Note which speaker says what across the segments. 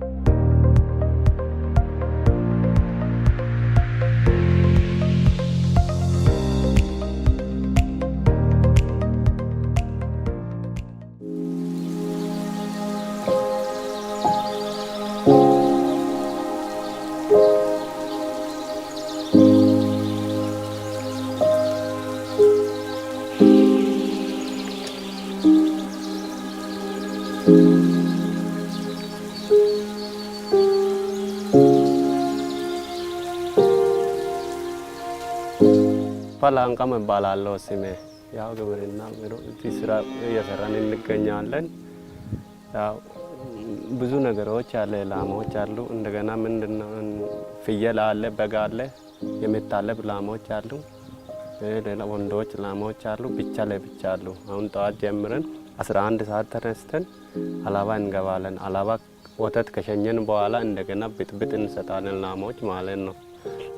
Speaker 1: Thank you. ላንቃ መባላለው ስሜ። ያው ግብርና ስራ እየሰራን እንገኛለን። ያው ብዙ ነገሮች አለ፣ ላሞች አሉ። እንደገና ምንድነው ፍየል አለ፣ በጋ አለ፣ የሚታለብ ላሞች አሉ፣ ሌላ ወንዶች ላሞች አሉ። ብቻ ለብቻ አሉ። አሁን ጠዋት ጀምረን 11 ሰዓት ተነስተን አላባ እንገባለን። አላባ ወተት ከሸኘን በኋላ እንደገና ብጥብጥ እንሰጣለን፣ ላሞች ማለት ነው።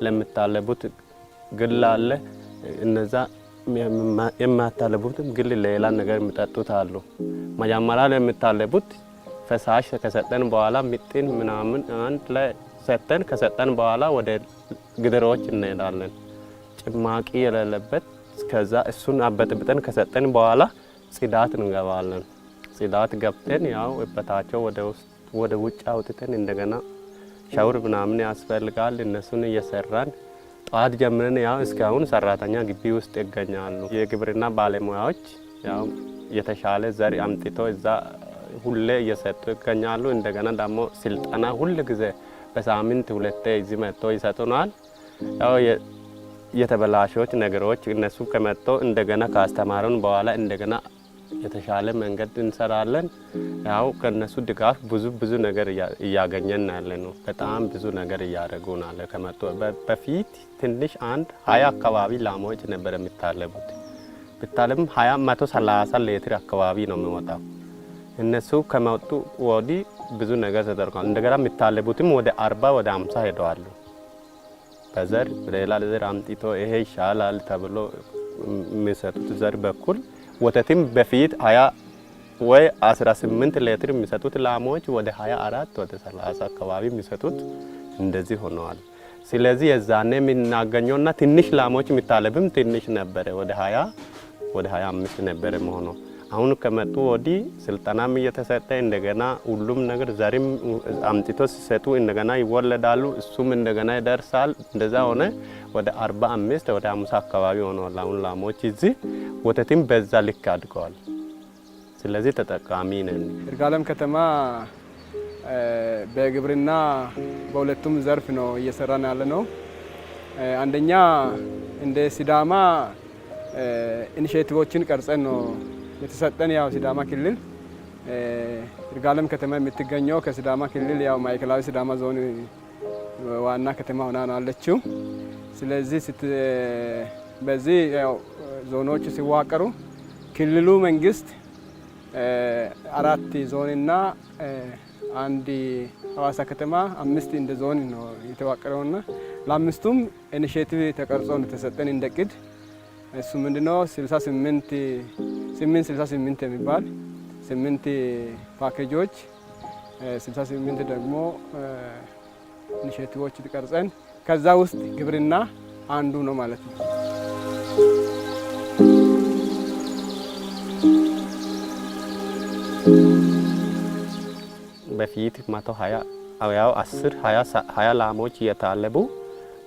Speaker 1: ለምታለቡት ግል አለ እነዛ የማታለቡትም ግል ሌላ ነገር የሚጠጡት አሉ። መጀመሪያ ላይ የምታለቡት ፈሳሽ ከሰጠን በኋላ ምጥን ምናምን አንድ ላይ ሰጠን ከሰጠን በኋላ ወደ ግድሮች እንሄዳለን። ጭማቂ የሌለበት እስከዛ እሱን አበጥብጠን ከሰጠን በኋላ ጽዳት እንገባለን። ጽዳት ገብተን ያው እበታቸው ወደ ውጭ አውጥተን እንደገና ሻውር ምናምን ያስፈልጋል። እነሱን እየሰራን ጠዋት ጀምረን ያው እስካሁን ሰራተኛ ግቢ ውስጥ ይገኛሉ። የግብርና ባለሙያዎች ያው የተሻለ ዘር አምጥቶ እዛ ሁሌ እየሰጡ ይገኛሉ። እንደገና ደግሞ ስልጠና ሁል ጊዜ በሳምንት ሁለቴ እዚህ መጥቶ ይሰጡናል። ያው የተበላሾች ነገሮች እነሱ ከመጥቶ እንደገና ካስተማሩን በኋላ እንደገና የተሻለ መንገድ እንሰራለን። ያው ከነሱ ድጋፍ ብዙ ብዙ ነገር እያገኘን ያለ ነው። በጣም ብዙ ነገር እያደረጉ አለ። ከመጡ በፊት ትንሽ አንድ ሀያ አካባቢ ላሞች ነበር የሚታለቡት። ብታለም ሀያ መቶ ሰላሳ ሌትር አካባቢ ነው የሚወጣው። እነሱ ከመጡ ወዲህ ብዙ ነገር ተደርጓል። እንደገና የሚታለቡትም ወደ አርባ ወደ አምሳ ሄደዋሉ። በዘር ሌላ ዘር አምጥቶ ይሄ ይሻላል ተብሎ የሚሰጡት ዘር በኩል ወተትም በፊት 20 ወይ 18 ሌትር የሚሰጡት ላሞች ወደ 24 ወደ 30 አካባቢ የሚሰጡት እንደዚህ ሆነዋል። ስለዚህ የዛኔ የምናገኘውና ትንሽ ላሞች የሚታለብም ትንሽ ነበረ ወደ 20 ወደ 25 ነበረ መሆኑ አሁን ከመጡ ወዲህ ስልጠናም እየተሰጠ እንደገና ሁሉም ነገር ዘርም አምጥቶ ሲሰጡ እንደገና ይወለዳሉ፣ እሱም እንደገና ይደርሳል። እንደዛ ሆነ ወደ 45 ወደ 50 አካባቢ ሆነዋል። አሁን ላሞች እዚህ ወተትም በዛ ልክ አድገዋል። ስለዚህ ተጠቃሚ ነን።
Speaker 2: ይርጋለም ከተማ በግብርና በሁለቱም ዘርፍ ነው እየሰራን ያለ ነው። አንደኛ እንደ ሲዳማ ኢኒሼቲቮችን ቀርጸን ነው የተሰጠን ያው ሲዳማ ክልል ይርጋለም ከተማ የምትገኘው ከሲዳማ ክልል ያው ማዕከላዊ ሲዳማ ዞን ዋና ከተማ ሆና ነው አለችው። ስለዚህ በዚህ ያው ዞኖች ሲዋቀሩ ክልሉ መንግስት አራት ዞንና አንድ ሀዋሳ ከተማ አምስት እንደ ዞን ነው የተዋቀረውና ለአምስቱም ኢኒሽቲቭ ተቀርጾ እንደተሰጠን እንደቅድ እሱ ምንድነው 68 ስምንት ስልሳ ስምንት የሚባል ስምንት ፓኬጆች ስልሳ ስምንት ደግሞ ኢኒሼቲቮች ቀርጸን ከዛ ውስጥ ግብርና አንዱ ነው ማለት ነው።
Speaker 1: በፊት መቶ ያው አስር ሀያ ላሞች እየታለቡ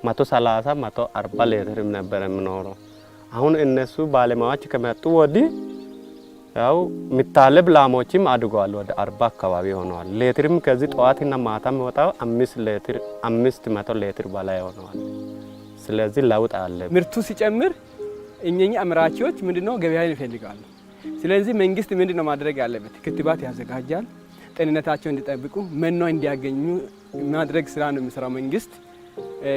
Speaker 1: መቶ ሰላሳ መቶ አርባ ሌትርም ነበር የምኖረው። አሁን እነሱ ባለሙያዎች ከመጡ ወዲህ ያው የሚታለብ ላሞችም አድጓል ወደ አርባ አካባቢ ሆነዋል። ሌትርም ከዚህ ጠዋትና ማታ የሚወጣው አምስት ሌትር አምስት መቶ ሌትር በላይ ሆነዋል። ስለዚህ ለውጥ አለ። ምርቱ
Speaker 2: ሲጨምር እኚህ አምራቾች ምንድነው ገበያ ይፈልጋሉ። ስለዚህ መንግስት ምንድነው ማድረግ ያለበት? ክትባት ያዘጋጃል። ጤንነታቸው እንዲጠብቁ መኖ እንዲያገኙ ማድረግ ስራ ነው የሚሰራው መንግስት።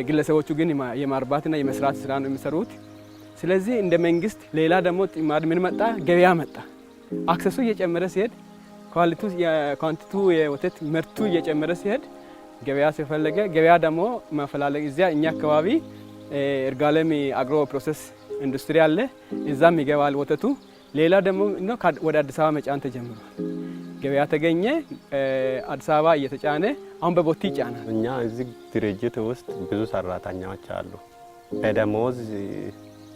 Speaker 2: ግለሰቦቹ ግን የማርባትና የመስራት ስራ ነው የሚሰሩት። ስለዚህ እንደ መንግስት ሌላ ደግሞ ጥማድ ምን መጣ? ገበያ መጣ። አክሰሱ እየጨመረ ሲሄድ ኳንቲቱ የወተት ምርቱ እየጨመረ ሲሄድ ገበያ ሲፈለገ ገበያ ደግሞ መፈላለግ እዚያ እኛ አካባቢ እርጋለም አግሮ ፕሮሰስ ኢንዱስትሪ አለ። እዛም ይገባል ወተቱ። ሌላ ደግሞ ነው ወደ አዲስ አበባ መጫን ተጀምሯል። ገበያ ተገኘ። አዲስ አበባ እየተጫነ አሁን በቦቲ ይጫናል።
Speaker 1: እኛ እዚህ ድርጅት ውስጥ ብዙ ሰራተኛዎች አሉ። በደሞዝ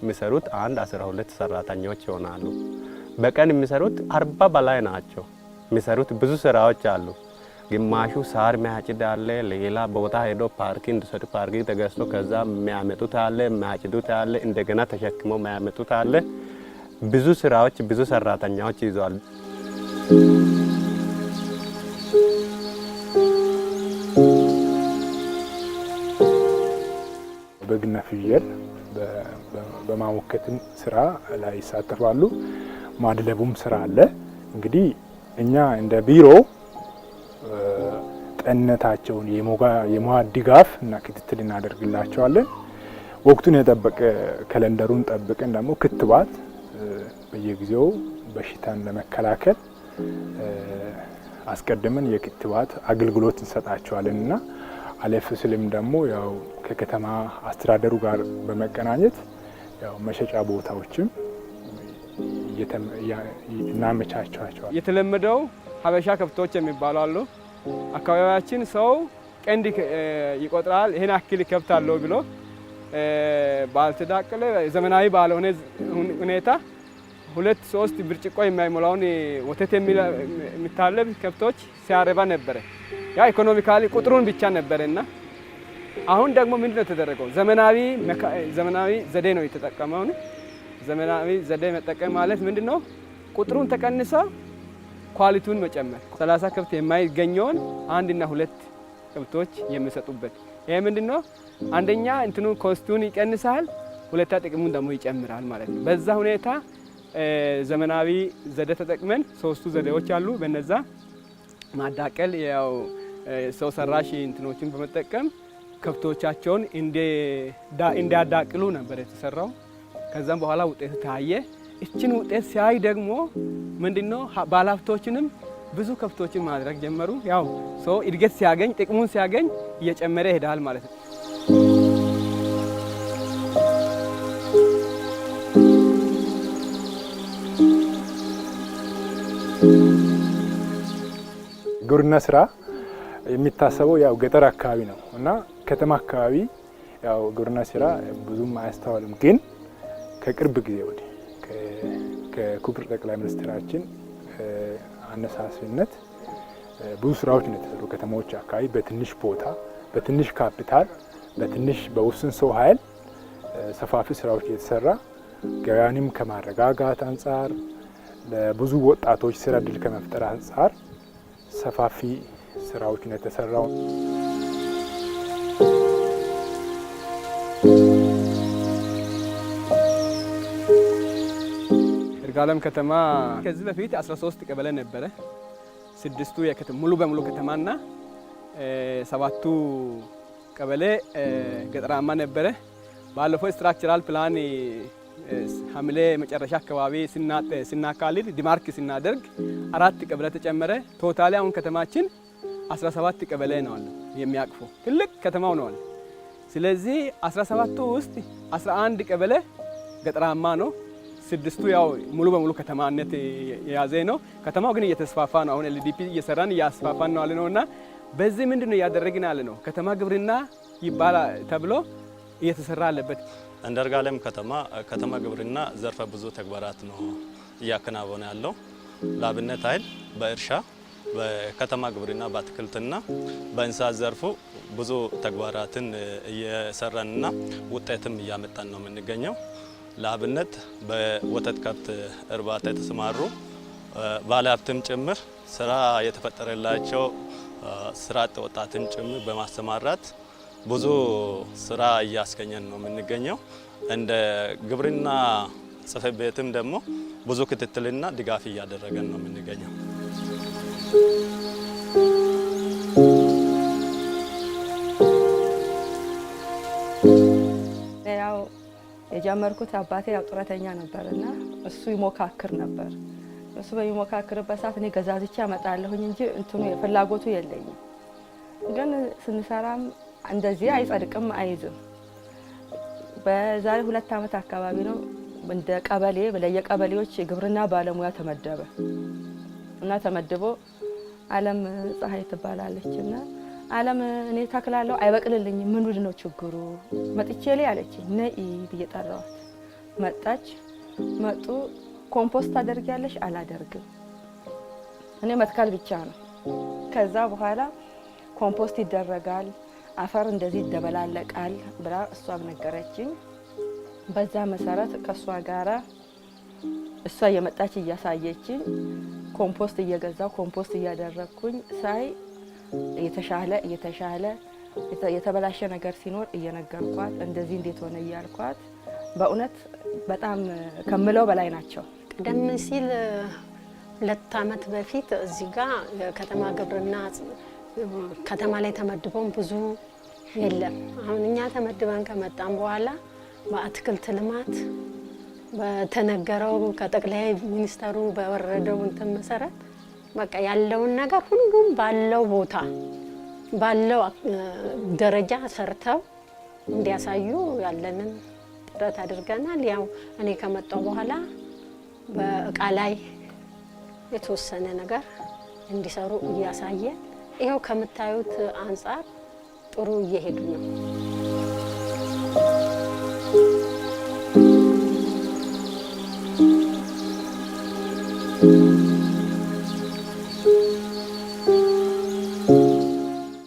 Speaker 1: የሚሰሩት አንድ 12 ሰራተኛዎች ሰራተኞች ይሆናሉ። በቀን የሚሰሩት አርባ በላይ ናቸው። የሚሰሩት ብዙ ስራዎች አሉ። ግማሹ ሳር ሚያጭድ አለ። ሌላ ቦታ ሄዶ ፓርኪ እንዲሰጡ ፓርኪ ተገዝቶ ከዛ የሚያመጡት አለ፣ የሚያጭዱት አለ፣ እንደገና ተሸክሞ የሚያመጡት አለ። ብዙ ስራዎች፣ ብዙ ሰራተኛዎች
Speaker 3: ይዟል። በግና ፍየል በማሞከትም ስራ ላይ ይሳተፋሉ። ማድለቡም ስራ አለ። እንግዲህ እኛ እንደ ቢሮ ጤንነታቸውን የሙያ ድጋፍ እና ክትትል እናደርግላቸዋለን። ወቅቱን የጠበቀ ከለንደሩን ጠብቀን ደግሞ ክትባት በየጊዜው በሽታን ለመከላከል አስቀድመን የክትባት አገልግሎት እንሰጣቸዋለን እና አለፍ ስልም ደግሞ ያው ከከተማ አስተዳደሩ ጋር በመቀናኘት ያው መሸጫ ቦታዎችም እናመቻቸዋቸዋል።
Speaker 2: የተለመደው ሀበሻ ከብቶች የሚባሉ አሉ። አካባቢያችን ሰው ቀንድ ይቆጥራል። ይህን አክል ከብት አለው ብሎ ባልተዳቀለ ዘመናዊ ባልሆነ ሁኔታ ሁለት ሶስት ብርጭቆ የማይሞላውን ወተት የሚታለብ ከብቶች ሲያረባ ነበረ። ያ ኢኮኖሚካሊ ቁጥሩን ብቻ ነበረ እና አሁን ደግሞ ምንድነው የተደረገው? ዘመናዊ ዘዴ ነው የተጠቀመውን ዘመናዊ ዘዴ መጠቀም ማለት ምንድን ነው? ቁጥሩን ተቀንሶ ኳሊቲውን መጨመር። 30 ከብት የማይገኘውን አንድና ሁለት ከብቶች የሚሰጡበት ይሄ ምንድን ነው? አንደኛ እንትኑ ኮስቱን ይቀንሳል፣ ሁለታ ጥቅሙን ደግሞ ይጨምራል ማለት ነው። በዛ ሁኔታ ዘመናዊ ዘዴ ተጠቅመን ሶስቱ ዘዴዎች አሉ። በነዛ ማዳቀል ያው ሰው ሰራሽ እንትኖችን በመጠቀም ከብቶቻቸውን እንዲያዳቅሉ ነበር የተሰራው። ከዛም በኋላ ውጤቱ ታየ። እችን ውጤት ሲያይ ደግሞ ምንድነው ባለሀብቶችንም ብዙ ከብቶችን ማድረግ ጀመሩ። ያው ሰው እድገት ሲያገኝ ጥቅሙን ሲያገኝ እየጨመረ ይሄዳል ማለት ነው።
Speaker 3: ግብርና ስራ የሚታሰበው ያው ገጠር አካባቢ ነው እና ከተማ አካባቢ ያው ግብርና ስራ ብዙም አያስተዋልም ግን ከቅርብ ጊዜ ወዲህ ከክቡር ጠቅላይ ሚኒስትራችን አነሳስነት ብዙ ስራዎች ነው የተሰሩ። ከተማዎች አካባቢ በትንሽ ቦታ፣ በትንሽ ካፒታል፣ በትንሽ በውስን ሰው ኃይል ሰፋፊ ስራዎች የተሰራ ገበያንም ከማረጋጋት አንጻር ለብዙ ወጣቶች ስራ እድል ከመፍጠር አንጻር ሰፋፊ ስራዎች ነው የተሰራው።
Speaker 2: የዛለም ከተማ ከዚህ በፊት 13 ቀበሌ ነበረ። ስድስቱ ሙሉ በሙሉ ከተማና ሰባቱ ቀበሌ ገጠራማ ነበረ። ባለፈው ስትራክቸራል ፕላን ሐምሌ መጨረሻ አካባቢ ስናካልል ዲማርክ ስናደርግ አራት ቀበሌ ተጨመረ። ቶታሊ አሁን ከተማችን 17 ቀበሌ ነው የሚያቅፎ ትልቅ ከተማው ነዋል። ስለዚህ 17ቱ ውስጥ 11 ቀበሌ ገጠራማ ነው። ስድስቱ ያው ሙሉ በሙሉ ከተማነት የያዘ ነው። ከተማው ግን እየተስፋፋ ነው። አሁን ኤልዲፒ እየሰራን እያስፋፋን ነው አለ ነው እና በዚህ ምንድን ነው እያደረግን አለ ነው ከተማ ግብርና ይባላል ተብሎ እየተሰራ አለበት።
Speaker 4: እንደርጋለም ከተማ ከተማ ግብርና ዘርፈ ብዙ ተግባራት ነው እያከናወነ ያለው ላብነት ኃይል በእርሻ በከተማ ግብርና በአትክልትና በእንስሳት ዘርፉ ብዙ ተግባራትን እየሰራንና ውጤትም እያመጣን ነው የምንገኘው። ለአብነት በወተት ከብት እርባታ የተሰማሩ ባለሀብትም ጭምር ስራ የተፈጠረላቸው ስራ አጥ ወጣትን ጭምር በማሰማራት ብዙ ስራ እያስገኘን ነው የምንገኘው። እንደ ግብርና ጽሕፈት ቤትም ደግሞ ብዙ ክትትልና ድጋፍ እያደረገን ነው የምንገኘው።
Speaker 5: የጀመርኩት አባቴ ያው ጡረተኛ ነበርና እሱ ይሞካክር ነበር። እሱ በሚሞካክርበት ሰዓት እኔ ገዛዝቼ አመጣለሁኝ እንጂ እንትኑ ፍላጎቱ የለኝም። ግን ስንሰራም እንደዚህ አይጸድቅም፣ አይይዝም። በዛሬ ሁለት ዓመት አካባቢ ነው እንደ ቀበሌ ለየቀበሌዎች የግብርና ባለሙያ ተመደበ እና ተመድቦ አለም ፀሐይ ትባላለች እና አለም እኔ ተክላለሁ አይበቅልልኝም፣ ምንድ ነው ችግሩ? መጥቼ ላይ አለችኝ። ነይ ብዬ ጠራኋት። መጣች። መጡ። ኮምፖስት ታደርጊያለሽ? አላደርግም፣ እኔ መትከል ብቻ ነው። ከዛ በኋላ ኮምፖስት ይደረጋል፣ አፈር እንደዚህ ይደበላለቃል ብላ እሷም ነገረችኝ። በዛ መሰረት ከእሷ ጋራ እሷ እየመጣች እያሳየችኝ፣ ኮምፖስት እየገዛው ኮምፖስት እያደረግኩኝ ሳይ የተሻለ እየተሻለ የተበላሸ ነገር ሲኖር እየነገርኳት እንደዚህ እንዴት ሆነ እያልኳት በእውነት በጣም ከምለው በላይ ናቸው። ቀደም ሲል
Speaker 6: ሁለት ዓመት በፊት እዚህ ጋ ከተማ ግብርና ከተማ ላይ ተመድበውን ብዙ የለም። አሁን እኛ ተመድበን ከመጣም በኋላ በአትክልት ልማት በተነገረው ከጠቅላይ ሚኒስተሩ በወረደው እንትን መሰረት በቃ ያለውን ነገር ሁሉም ባለው ቦታ ባለው ደረጃ ሰርተው እንዲያሳዩ ያለንን ጥረት አድርገናል። ያው እኔ ከመጣሁ በኋላ በእቃ ላይ የተወሰነ ነገር እንዲሰሩ እያሳየን ይኸው ከምታዩት አንጻር ጥሩ እየሄዱ ነው።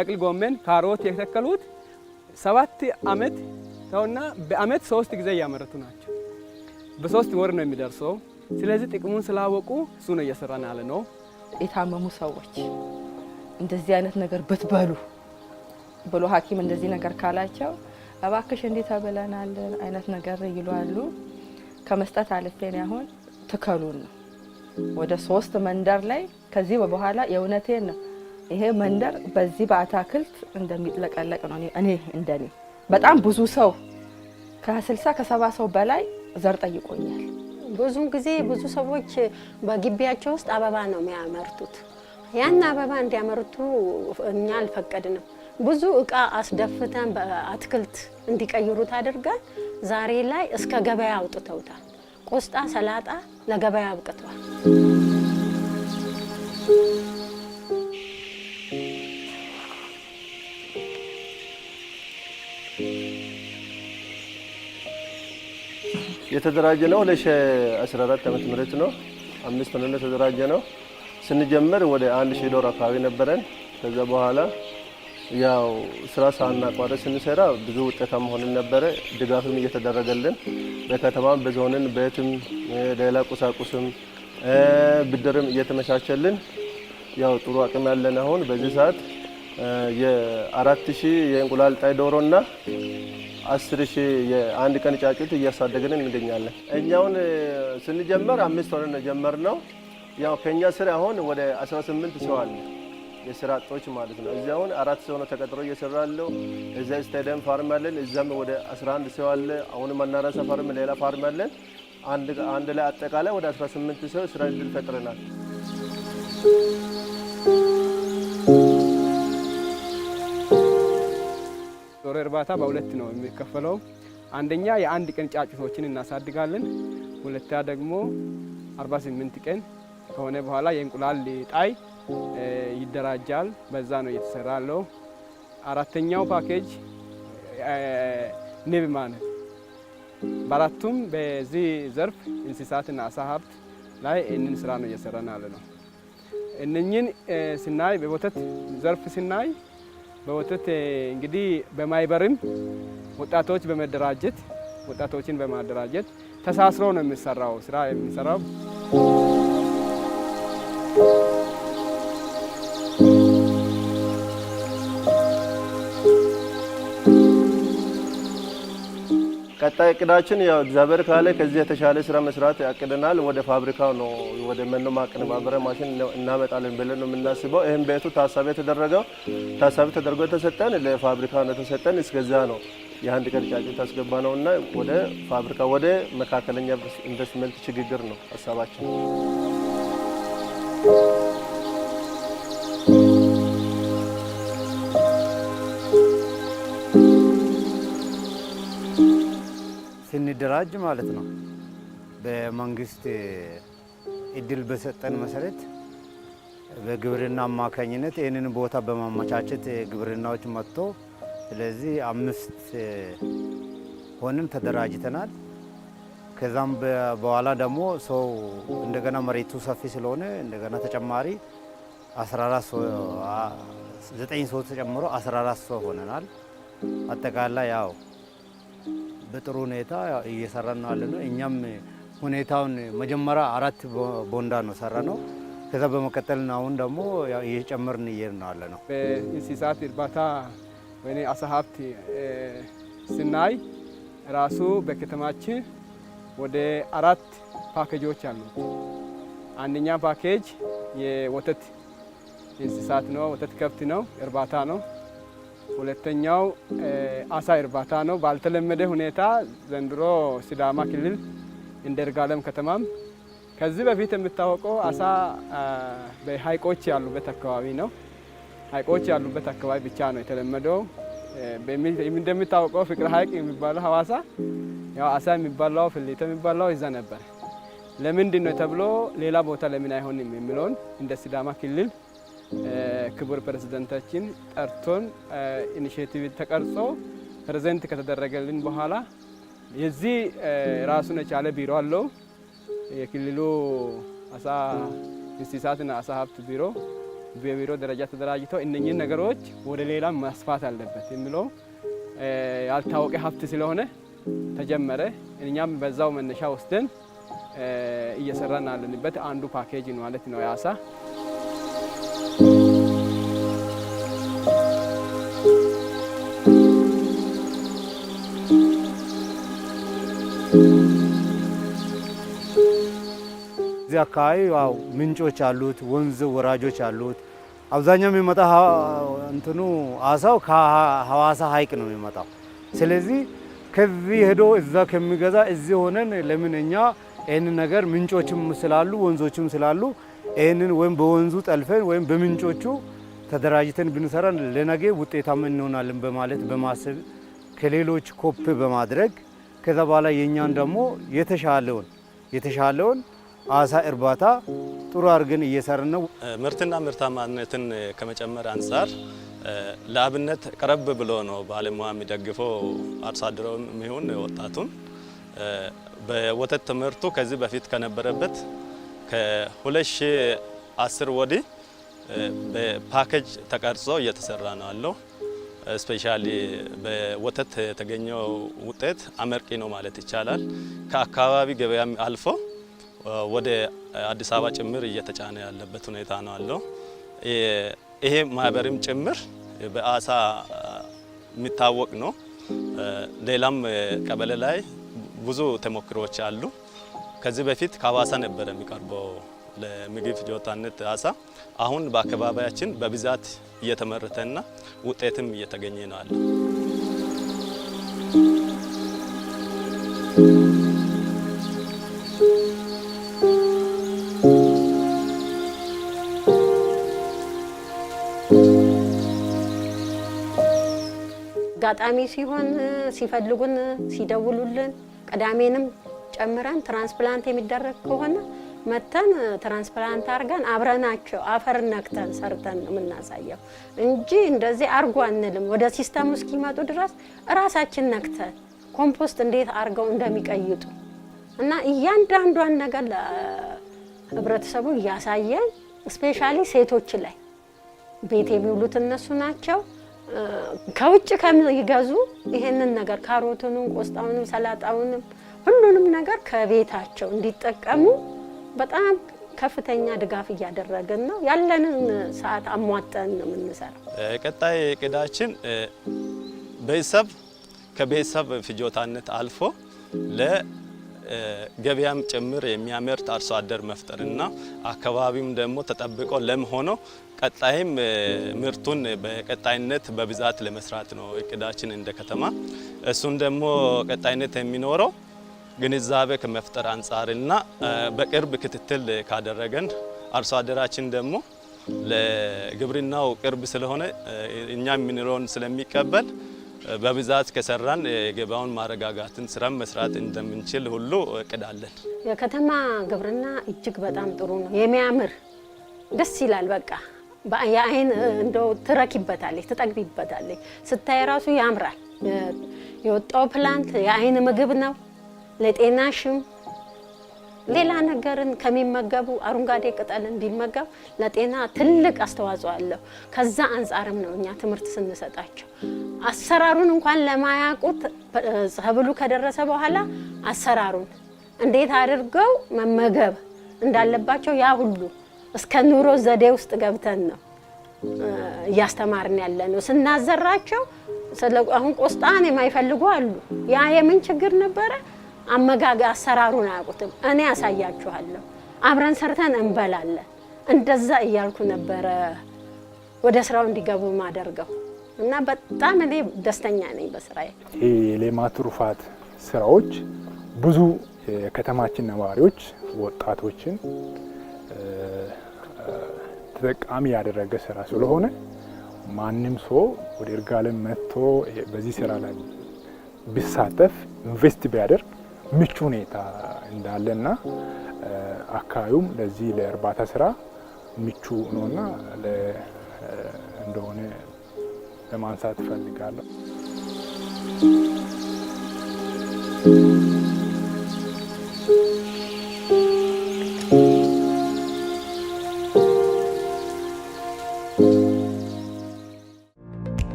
Speaker 2: ጥቅል ጎመን፣ ካሮት የተከሉት ሰባት አመት ተውና በአመት ሶስት ጊዜ እያመረቱ ናቸው። በሶስት ወር ነው የሚደርሰው። ስለዚህ ጥቅሙን ስላወቁ እሱ ነው እየሰራን ያለ ነው።
Speaker 5: የታመሙ ሰዎች እንደዚህ አይነት ነገር ብትበሉ ብሎ ሐኪም እንደዚህ ነገር ካላቸው እባክሽ እንዴት አበላናለን አይነት ነገር ይሏሉ። ከመስጠት አልፌን አሁን ትከሉን ነው ወደ ሶስት መንደር ላይ ከዚህ በኋላ የእውነቴን ነው ይሄ መንደር በዚህ በአታክልት እንደሚጥለቀለቅ ነው። እኔ እንደኔ በጣም ብዙ ሰው ከስልሳ ከሰባ ሰው በላይ ዘር ጠይቆኛል።
Speaker 6: ብዙ ጊዜ ብዙ ሰዎች በግቢያቸው ውስጥ አበባ ነው የሚያመርቱት። ያን አበባ እንዲያመርቱ እኛ አልፈቀድንም። ብዙ እቃ አስደፍተን በአትክልት እንዲቀይሩት አድርገን ዛሬ ላይ እስከ ገበያ አውጥተውታል። ቆስጣ፣ ሰላጣ ለገበያ አብቅቷል።
Speaker 7: የተደራጀ ነው። 2014 ዓመተ ምህረት ነው። አምስት ሆነን የተደራጀ ነው። ስንጀምር ወደ አንድ ሺህ ዶር አካባቢ ነበረን። ከዛ በኋላ ያው ስራ ሳናቋረጥ ስንሰራ ብዙ ውጤታማ ሆነን ነበረ። ድጋፍም እየተደረገልን በከተማም በዞንን በየትም ሌላ ቁሳቁስም ብድርም እየተመቻቸልን ያው ጥሩ አቅም ያለን አሁን በዚህ ሰዓት የአራት ሺህ የእንቁላል ጣይ ዶሮና አስር ሺህ የአንድ ቀን ጫጩት እያሳደግን እንገኛለን። እኛውን ስንጀመር አምስት ሆነን ነው። ያው ከእኛ ስር አሁን ወደ 18 ሰው አለ የስራ አጦች ማለት ነው። እዚያ አሁን አራት ሰው ነው ተቀጥሮ እየሰራ ያለው። እዚ ስታዲየም ፋርም አለን። እዚያም ወደ 11 ሰው አለ። አሁን መናረሰ ፋርም ሌላ ፋርም አለን። አንድ ላይ አጠቃላይ ወደ 18 ሰው ስራ እድል ፈጥረናል።
Speaker 2: ዶሮ እርባታ በሁለት ነው የሚከፈለው። አንደኛ የአንድ ቀን ጫጩቶችን እናሳድጋለን። ሁለተኛ ደግሞ 48 ቀን ከሆነ በኋላ የእንቁላል ጣይ ይደራጃል። በዛ ነው እየተሰራ አራተኛው ፓኬጅ ንብ ማነት በአራቱም በዚህ ዘርፍ እንስሳትና አሳ ሀብት ላይ ይህንን ስራ ነው እየሰራን ያለ ነው። እነኝን ስናይ በወተት ዘርፍ ስናይ በወተት እንግዲህ በማይበርም ወጣቶች በመደራጀት ወጣቶችን በማደራጀት ተሳስሮ ነው የሚሰራው ስራ የሚሰራው።
Speaker 7: ቀጣይ እቅዳችን ያው እግዚአብሔር ካለ ከዚህ የተሻለ ስራ መስራት ያቅደናል። ወደ ፋብሪካው ነው ወደ መኖ ማቀነባበሪያ ማሽን እናመጣለን ብለን ነው የምናስበው። ይህም ቤቱ ታሳቢ የተደረገው ታሳቢ ተደርጎ የተሰጠን ለፋብሪካ ነው የተሰጠን። እስከዚያ ነው የአንድ ቀን ጫጩት አስገባ ነው እና ወደ ፋብሪካ ወደ መካከለኛ ኢንቨስትመንት ሽግግር ነው ሀሳባችን።
Speaker 8: ስንደራጅ ማለት ነው በመንግስት እድል በሰጠን መሰረት በግብርና አማካኝነት ይህንን ቦታ በማመቻቸት ግብርናዎች መጥቶ ስለዚህ አምስት ሆንን ተደራጅተናል። ከዛም በኋላ ደግሞ ሰው እንደገና መሬቱ ሰፊ ስለሆነ እንደገና ተጨማሪ 9 ሰው ተጨምሮ 14 ሰው ሆነናል። አጠቃላይ ያው በጥሩ ሁኔታ እየሰራን ነው ያለ ነው። እኛም ሁኔታውን መጀመሪያ አራት ቦንዳ ነው ሰራ ነው። ከዛ በመቀጠል አሁን ደግሞ እየጨመርን እየሄድን ነው ያለ ነው።
Speaker 2: በእንስሳት እርባታ ወይ አሳ ሀብት ስናይ ራሱ በከተማችን ወደ አራት ፓኬጆች አሉ። አንደኛ ፓኬጅ የወተት እንስሳት ነው፣ ወተት ከብት ነው፣ እርባታ ነው። ሁለተኛው አሳ እርባታ ነው። ባልተለመደ ሁኔታ ዘንድሮ ሲዳማ ክልል እንደይርጋለም ከተማም ከዚህ በፊት የምታወቀው አሳ በሀይቆች ያሉበት አካባቢ ነው። ሀይቆች ያሉበት አካባቢ ብቻ ነው የተለመደው። እንደምታወቀው ፍቅረ ሀይቅ የሚባለው ሀዋሳ ያው አሳ የሚባለው ፍሌተ የሚባለው ይዛ ነበር። ለምንድን ነው ተብሎ ሌላ ቦታ ለምን አይሆንም የሚለውን እንደ ሲዳማ ክልል ክቡር ፕሬዝደንታችን ጠርቶን ኢኒሽቲቭ ተቀርጾ ፕሬዘንት ከተደረገልን በኋላ የዚህ ራሱን የቻለ ቢሮ አለው። የክልሉ አሳ እንስሳትና አሳ ሀብት ቢሮ በቢሮ ደረጃ ተደራጅቶ እነኚህን ነገሮች ወደ ሌላ ማስፋት አለበት የሚለው ያልታወቀ ሀብት ስለሆነ ተጀመረ። እኛም በዛው መነሻ ወስደን እየሰራን ያለንበት አንዱ ፓኬጅ ማለት ነው የአሳ
Speaker 8: አካባቢ ያው ምንጮች አሉት፣ ወንዝ ወራጆች አሉት። አብዛኛው የሚመጣ እንትኑ አሳው ከሐዋሳ ሐይቅ ነው የሚመጣው። ስለዚህ ከዚህ ሄዶ እዛ ከሚገዛ እዚህ ሆነን ለምን እኛ ይህንን ነገር ምንጮችም ስላሉ ወንዞችም ስላሉ ይህንን ወይም በወንዙ ጠልፈን ወይም በምንጮቹ ተደራጅተን ብንሰራ ለነገ ውጤታም እንሆናለን በማለት በማሰብ ከሌሎች ኮፕ በማድረግ ከዛ በኋላ የእኛን ደግሞ የተሻለውን የተሻለውን አሳ እርባታ ጥሩ አድርገን እየሰርን ነው።
Speaker 4: ምርትና ምርታማነትን ከመጨመር አንጻር ለአብነት ቀረብ ብሎ ነው ባለሙያ የሚደግፈው አርሶ አደሩም ይሁን ወጣቱን በወተት ትምህርቱ ከዚህ በፊት ከነበረበት ከ2010 ወዲህ በፓኬጅ ተቀርጾ እየተሰራ ነው አለው። ስፔሻሊ በወተት የተገኘው ውጤት አመርቂ ነው ማለት ይቻላል። ከአካባቢ ገበያም አልፎ ወደ አዲስ አበባ ጭምር እየተጫነ ያለበት ሁኔታ ነው አለው። ይሄ ማህበርም ጭምር በአሳ የሚታወቅ ነው። ሌላም ቀበሌ ላይ ብዙ ተሞክሮዎች አሉ። ከዚህ በፊት ከአዋሳ ነበረ የሚቀርበው ለምግብ ፍጆታነት አሳ። አሁን በአካባቢያችን በብዛት እየተመረተና ውጤትም እየተገኘ ነው አለ።
Speaker 6: አጋጣሚ ሲሆን ሲፈልጉን ሲደውሉልን ቅዳሜንም ጨምረን ትራንስፕላንት የሚደረግ ከሆነ መተን ትራንስፕላንት አድርገን አብረናቸው አፈር ነክተን ሰርተን ነው የምናሳየው እንጂ እንደዚህ አርጎ አንልም። ወደ ሲስተሙ እስኪመጡ ድረስ እራሳችን ነክተን ኮምፖስት እንዴት አድርገው እንደሚቀይጡ እና እያንዳንዷን ነገር ለህብረተሰቡ እያሳየን ስፔሻሊ ሴቶች ላይ ቤት የሚውሉት እነሱ ናቸው። ከውጭ ከሚገዙ ይሄንን ነገር ካሮቱንም፣ ቆስጣውንም፣ ሰላጣውንም ሁሉንም ነገር ከቤታቸው እንዲጠቀሙ በጣም ከፍተኛ ድጋፍ እያደረግን ነው። ያለንን ሰዓት አሟጠን ነው የምንሰራው።
Speaker 4: ቀጣይ እቅዳችን ቤተሰብ ከቤተሰብ ፍጆታነት አልፎ ለገበያም ጭምር የሚያመርት አርሶ አደር መፍጠርና አካባቢም ደግሞ ተጠብቆ ለም ሆኖ ቀጣይም ምርቱን በቀጣይነት በብዛት ለመስራት ነው እቅዳችን እንደ ከተማ። እሱን ደግሞ ቀጣይነት የሚኖረው ግንዛቤ ከመፍጠር አንጻርና በቅርብ ክትትል ካደረገን አርሶ አደራችን ደግሞ ለግብርናው ቅርብ ስለሆነ እኛ የምንለውን ስለሚቀበል በብዛት ከሰራን የገበያውን ማረጋጋትን ስራም መስራት እንደምንችል ሁሉ እቅዳለን።
Speaker 6: የከተማ ግብርና እጅግ በጣም ጥሩ ነው፣ የሚያምር ደስ ይላል። በቃ የአይን እንደው ትረኪበታለች ትጠግቢበታለች። ስታይ ራሱ ያምራል። የወጣው ፕላንት የአይን ምግብ ነው። ለጤናሽም ሌላ ነገርን ከሚመገቡ አረንጓዴ ቅጠልን ቢመገብ ለጤና ትልቅ አስተዋጽኦ አለው። ከዛ አንጻርም ነው እኛ ትምህርት ስንሰጣቸው አሰራሩን እንኳን ለማያውቁት ሰብሉ ከደረሰ በኋላ አሰራሩን እንዴት አድርገው መመገብ እንዳለባቸው ያ ሁሉ እስከ ኑሮ ዘዴ ውስጥ ገብተን ነው እያስተማርን ያለ ነው ስናዘራቸው። አሁን ቆስጣን የማይፈልጉ አሉ። ያ የምን ችግር ነበረ? አመጋገብ አሰራሩን አያውቁትም። እኔ ያሳያችኋለሁ፣ አብረን ሰርተን እንበላለን። እንደዛ እያልኩ ነበረ ወደ ስራው እንዲገቡ ማደርገው እና በጣም እኔ ደስተኛ ነኝ በስራዬ።
Speaker 3: ይሄ የሌማት ትሩፋት ስራዎች ብዙ የከተማችን ነዋሪዎች ወጣቶችን ተጠቃሚ ያደረገ ስራ ስለሆነ ማንም ሰው ወደ ይርጋለም መጥቶ በዚህ ስራ ላይ ቢሳተፍ ኢንቨስት ቢያደርግ ምቹ ሁኔታ እንዳለና አካባቢውም ለዚህ ለእርባታ ስራ ምቹ ነውና እንደሆነ ለማንሳት እፈልጋለሁ።